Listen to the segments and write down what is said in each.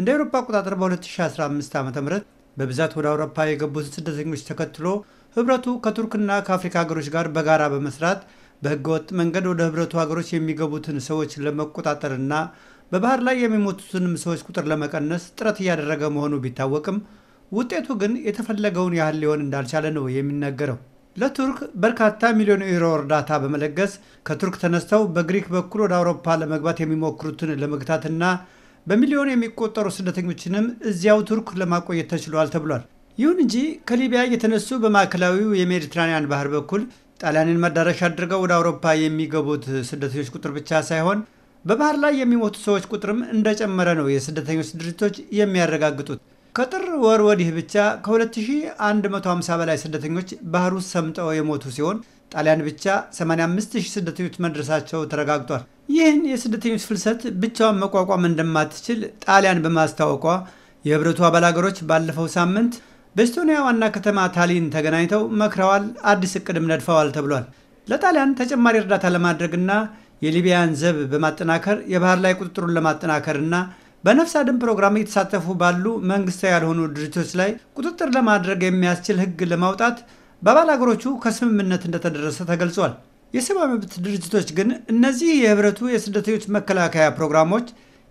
እንደ አውሮፓ አቆጣጠር በ2015 ዓ ም በብዛት ወደ አውሮፓ የገቡትን ስደተኞች ተከትሎ ህብረቱ ከቱርክና ከአፍሪካ ሀገሮች ጋር በጋራ በመስራት በህገወጥ መንገድ ወደ ህብረቱ ሀገሮች የሚገቡትን ሰዎች ለመቆጣጠርና በባህር ላይ የሚሞቱትንም ሰዎች ቁጥር ለመቀነስ ጥረት እያደረገ መሆኑ ቢታወቅም ውጤቱ ግን የተፈለገውን ያህል ሊሆን እንዳልቻለ ነው የሚነገረው። ለቱርክ በርካታ ሚሊዮን ዩሮ እርዳታ በመለገስ ከቱርክ ተነስተው በግሪክ በኩል ወደ አውሮፓ ለመግባት የሚሞክሩትን ለመግታትና በሚሊዮን የሚቆጠሩ ስደተኞችንም እዚያው ቱርክ ለማቆየት ተችሏል ተብሏል። ይሁን እንጂ ከሊቢያ የተነሱ በማዕከላዊው የሜዲትራኒያን ባህር በኩል ጣሊያንን መዳረሻ አድርገው ወደ አውሮፓ የሚገቡት ስደተኞች ቁጥር ብቻ ሳይሆን በባህር ላይ የሚሞቱ ሰዎች ቁጥርም እንደጨመረ ነው የስደተኞች ድርጅቶች የሚያረጋግጡት። ከጥር ወር ወዲህ ብቻ ከ2150 በላይ ስደተኞች ባህር ውስጥ ሰምጠው የሞቱ ሲሆን ጣሊያን ብቻ 85,000 ስደተኞች መድረሳቸው ተረጋግጧል። ይህን የስደተኞች ፍልሰት ብቻውን መቋቋም እንደማትችል ጣሊያን በማስታወቋ የህብረቱ አባል አገሮች ባለፈው ሳምንት በኤስቶኒያ ዋና ከተማ ታሊን ተገናኝተው መክረዋል። አዲስ እቅድም ነድፈዋል ተብሏል። ለጣሊያን ተጨማሪ እርዳታ ለማድረግና የሊቢያን ዘብ በማጠናከር የባህር ላይ ቁጥጥሩን ለማጠናከርና በነፍስ አድን ፕሮግራም እየተሳተፉ ባሉ መንግስታዊ ያልሆኑ ድርጅቶች ላይ ቁጥጥር ለማድረግ የሚያስችል ህግ ለማውጣት በባል አገሮቹ ከስምምነት እንደተደረሰ ተገልጿል። የሰብአዊ መብት ድርጅቶች ግን እነዚህ የህብረቱ የስደተኞች መከላከያ ፕሮግራሞች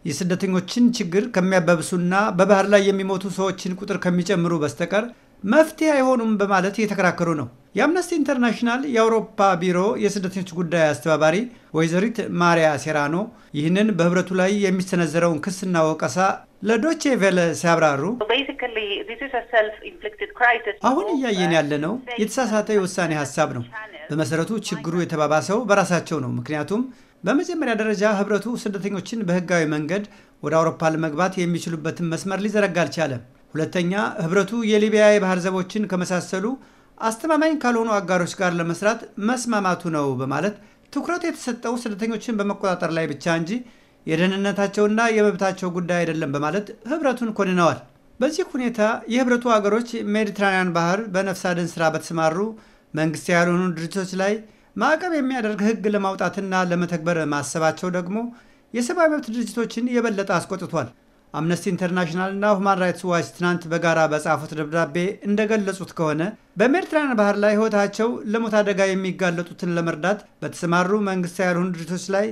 የስደተኞችን ችግር ከሚያባብሱና በባህር ላይ የሚሞቱ ሰዎችን ቁጥር ከሚጨምሩ በስተቀር መፍትሄ አይሆኑም በማለት እየተከራከሩ ነው። የአምነስቲ ኢንተርናሽናል የአውሮፓ ቢሮ የስደተኞች ጉዳይ አስተባባሪ ወይዘሪት ማሪያ ሴራኖ ይህንን በህብረቱ ላይ የሚሰነዘረውን ክስና ወቀሳ ለዶቼ ቬለ ሲያብራሩ አሁን እያየን ያለነው የተሳሳተ የውሳኔ ሀሳብ ነው። በመሰረቱ ችግሩ የተባባሰው በራሳቸው ነው። ምክንያቱም በመጀመሪያ ደረጃ ህብረቱ ስደተኞችን በህጋዊ መንገድ ወደ አውሮፓ ለመግባት የሚችሉበትን መስመር ሊዘረጋ አልቻለም። ሁለተኛ ህብረቱ የሊቢያ የባህር ዘቦችን ከመሳሰሉ አስተማማኝ ካልሆኑ አጋሮች ጋር ለመስራት መስማማቱ ነው በማለት ትኩረቱ የተሰጠው ስደተኞችን በመቆጣጠር ላይ ብቻ እንጂ የደህንነታቸውና የመብታቸው ጉዳይ አይደለም በማለት ህብረቱን ኮንነዋል። በዚህ ሁኔታ የህብረቱ አገሮች ሜዲትራንያን ባህር በነፍስ አድን ስራ በተሰማሩ መንግስት ያልሆኑ ድርጅቶች ላይ ማዕቀብ የሚያደርግ ህግ ለማውጣትና ለመተግበር ማሰባቸው ደግሞ የሰብአዊ መብት ድርጅቶችን የበለጠ አስቆጥቷል። አምነስቲ ኢንተርናሽናልና ሁማን ራይትስ ዋች ትናንት በጋራ በጻፉት ደብዳቤ እንደገለጹት ከሆነ በሜዲትራንያን ባህር ላይ ህይወታቸው ለሞት አደጋ የሚጋለጡትን ለመርዳት በተሰማሩ መንግስት ያልሆኑ ድርጅቶች ላይ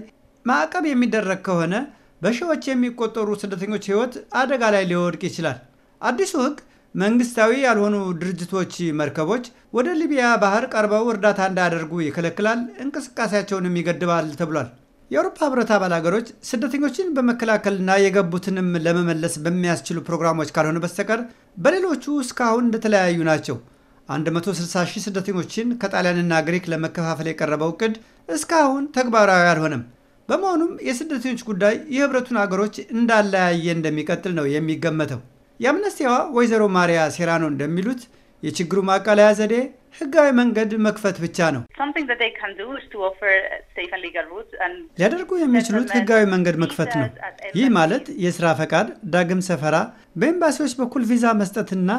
ማዕቀብ የሚደረግ ከሆነ በሺዎች የሚቆጠሩ ስደተኞች ህይወት አደጋ ላይ ሊወድቅ ይችላል። አዲሱ ህግ መንግስታዊ ያልሆኑ ድርጅቶች መርከቦች ወደ ሊቢያ ባህር ቀርበው እርዳታ እንዳያደርጉ ይከለክላል፣ እንቅስቃሴያቸውንም ይገድባል ተብሏል። የአውሮፓ ህብረት አባል ሀገሮች ስደተኞችን በመከላከልና የገቡትንም ለመመለስ በሚያስችሉ ፕሮግራሞች ካልሆነ በስተቀር በሌሎቹ እስካሁን እንደተለያዩ ናቸው። 160 ሺህ ስደተኞችን ከጣሊያንና ግሪክ ለመከፋፈል የቀረበው እቅድ እስካሁን ተግባራዊ አልሆነም። በመሆኑም የስደተኞች ጉዳይ የህብረቱን አገሮች እንዳለያየ እንደሚቀጥል ነው የሚገመተው። የአምነስቲዋ ወይዘሮ ማሪያ ሴራኖ እንደሚሉት የችግሩ ማቃለያ ዘዴ ህጋዊ መንገድ መክፈት ብቻ ነው። ሊያደርጉ የሚችሉት ህጋዊ መንገድ መክፈት ነው። ይህ ማለት የስራ ፈቃድ፣ ዳግም ሰፈራ፣ በኤምባሲዎች በኩል ቪዛ መስጠትና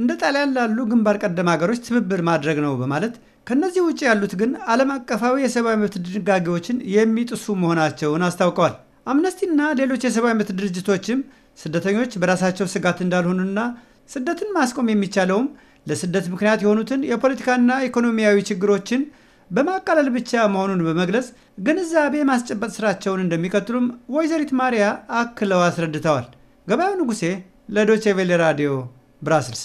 እንደ ጣሊያን ላሉ ግንባር ቀደም ሀገሮች ትብብር ማድረግ ነው በማለት ከእነዚህ ውጭ ያሉት ግን ዓለም አቀፋዊ የሰብአዊ መብት ድንጋጌዎችን የሚጥሱ መሆናቸውን አስታውቀዋል። አምነስቲና ሌሎች የሰብአዊ መብት ድርጅቶችም ስደተኞች በራሳቸው ስጋት እንዳልሆኑና ስደትን ማስቆም የሚቻለውም ለስደት ምክንያት የሆኑትን የፖለቲካና ኢኮኖሚያዊ ችግሮችን በማቃለል ብቻ መሆኑን በመግለጽ ግንዛቤ ማስጨበጥ ስራቸውን እንደሚቀጥሉም ወይዘሪት ማሪያ አክለው አስረድተዋል። ገበያው ንጉሴ ለዶቼ ቬሌ ራዲዮ ብራስልስ